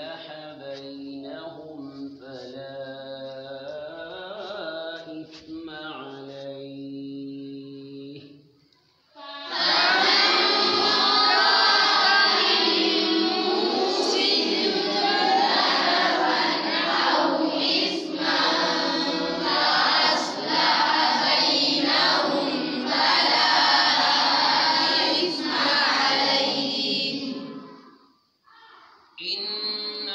إصلاحا mm,